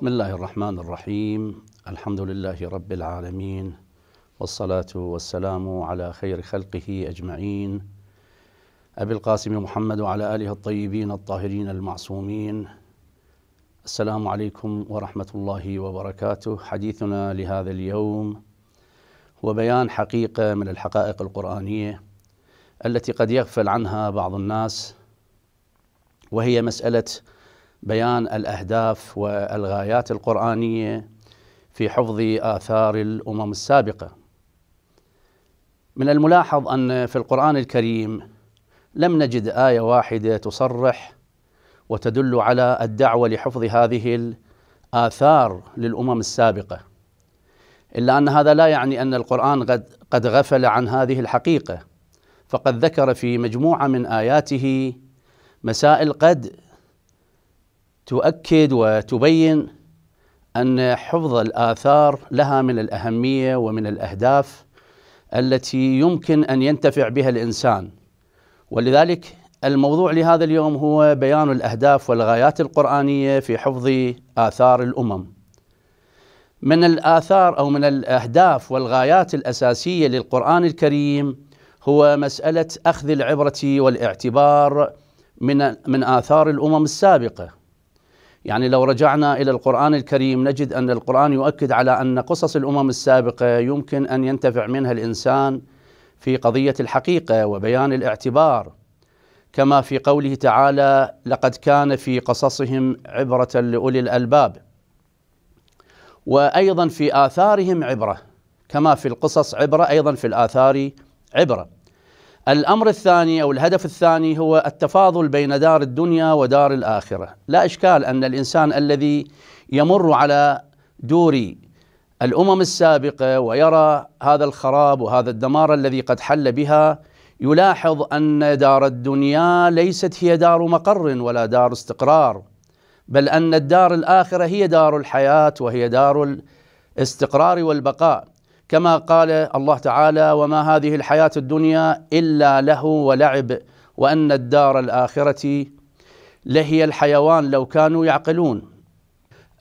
بسم الله الرحمن الرحيم الحمد لله رب العالمين والصلاة والسلام على خير خلقه أجمعين أبي القاسم محمد وعلى آله الطيبين الطاهرين المعصومين السلام عليكم ورحمة الله وبركاته حديثنا لهذا اليوم هو بيان حقيقة من الحقائق القرآنية التي قد يغفل عنها بعض الناس وهي مسألة بيان الأهداف والغايات القرآنية في حفظ آثار الأمم السابقة من الملاحظ أن في القرآن الكريم لم نجد آية واحدة تصرح وتدل على الدعوة لحفظ هذه الآثار للأمم السابقة إلا أن هذا لا يعني أن القرآن قد, قد غفل عن هذه الحقيقة فقد ذكر في مجموعة من آياته مسائل قد تؤكد وتبين ان حفظ الاثار لها من الاهميه ومن الاهداف التي يمكن ان ينتفع بها الانسان ولذلك الموضوع لهذا اليوم هو بيان الاهداف والغايات القرانيه في حفظ اثار الامم. من الاثار او من الاهداف والغايات الاساسيه للقران الكريم هو مساله اخذ العبره والاعتبار من من اثار الامم السابقه يعني لو رجعنا الى القران الكريم نجد ان القران يؤكد على ان قصص الامم السابقه يمكن ان ينتفع منها الانسان في قضيه الحقيقه وبيان الاعتبار كما في قوله تعالى لقد كان في قصصهم عبره لاولي الالباب وايضا في اثارهم عبره كما في القصص عبره ايضا في الاثار عبره الامر الثاني او الهدف الثاني هو التفاضل بين دار الدنيا ودار الاخره، لا اشكال ان الانسان الذي يمر على دور الامم السابقه ويرى هذا الخراب وهذا الدمار الذي قد حل بها يلاحظ ان دار الدنيا ليست هي دار مقر ولا دار استقرار، بل ان الدار الاخره هي دار الحياه وهي دار الاستقرار والبقاء. كما قال الله تعالى وما هذه الحياة الدنيا إلا له ولعب وأن الدار الآخرة لهي الحيوان لو كانوا يعقلون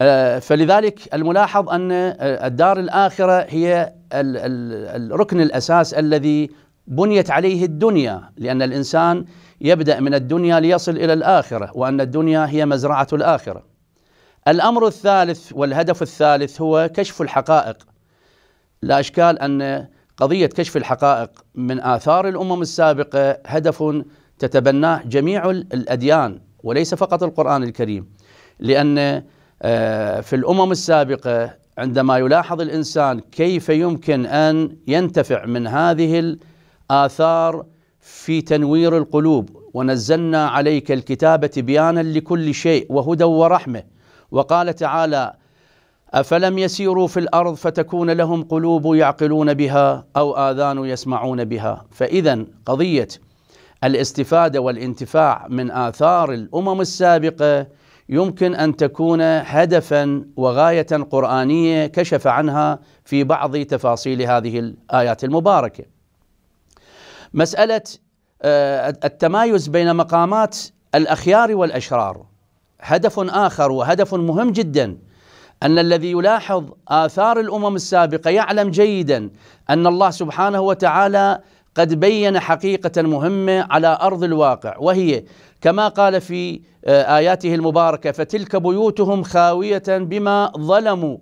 آه، فلذلك الملاحظ أن الدار الآخرة هي الركن الأساس الذي بنيت عليه الدنيا لأن الإنسان يبدأ من الدنيا ليصل إلى الآخرة وأن الدنيا هي مزرعة الآخرة الأمر الثالث والهدف الثالث هو كشف الحقائق لا اشكال ان قضيه كشف الحقائق من اثار الامم السابقه هدف تتبناه جميع الاديان وليس فقط القران الكريم لان آه، في الامم السابقه عندما يلاحظ الانسان كيف يمكن ان ينتفع من هذه الاثار في تنوير القلوب ونزلنا عليك الكتاب بيانا لكل شيء وهدى ورحمه وقال تعالى افلم يسيروا في الارض فتكون لهم قلوب يعقلون بها او اذان يسمعون بها فاذا قضيه الاستفاده والانتفاع من اثار الامم السابقه يمكن ان تكون هدفا وغايه قرانيه كشف عنها في بعض تفاصيل هذه الايات المباركه. مساله آه، التمايز بين مقامات الاخيار والاشرار هدف اخر وهدف مهم جدا ان الذي يلاحظ اثار الامم السابقه يعلم جيدا ان الله سبحانه وتعالى قد بين حقيقه مهمه على ارض الواقع وهي كما قال في آه، اياته المباركه فتلك بيوتهم خاويه بما ظلموا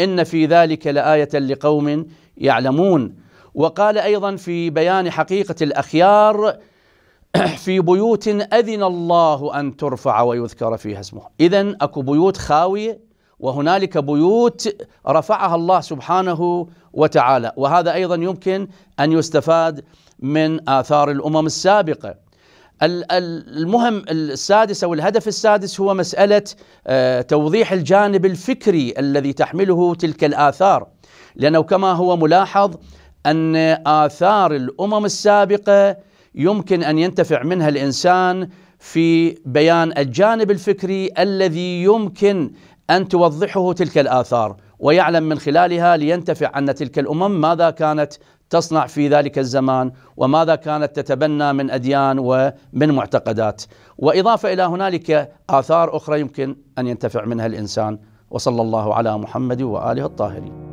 ان في ذلك لايه لقوم يعلمون وقال ايضا في بيان حقيقه الاخيار في بيوت اذن الله ان ترفع ويذكر فيها اسمه اذا اكو بيوت خاويه وهنالك بيوت رفعها الله سبحانه وتعالى وهذا ايضا يمكن ان يستفاد من اثار الامم السابقه المهم السادس او الهدف السادس هو مساله آه، توضيح الجانب الفكري الذي تحمله تلك الاثار لانه كما هو ملاحظ ان اثار الامم السابقه يمكن ان ينتفع منها الانسان في بيان الجانب الفكري الذي يمكن أن توضحه تلك الآثار ويعلم من خلالها لينتفع عن تلك الأمم ماذا كانت تصنع في ذلك الزمان وماذا كانت تتبنى من أديان ومن معتقدات وإضافة إلى هنالك آثار أخرى يمكن أن ينتفع منها الإنسان وصلى الله على محمد وآله الطاهرين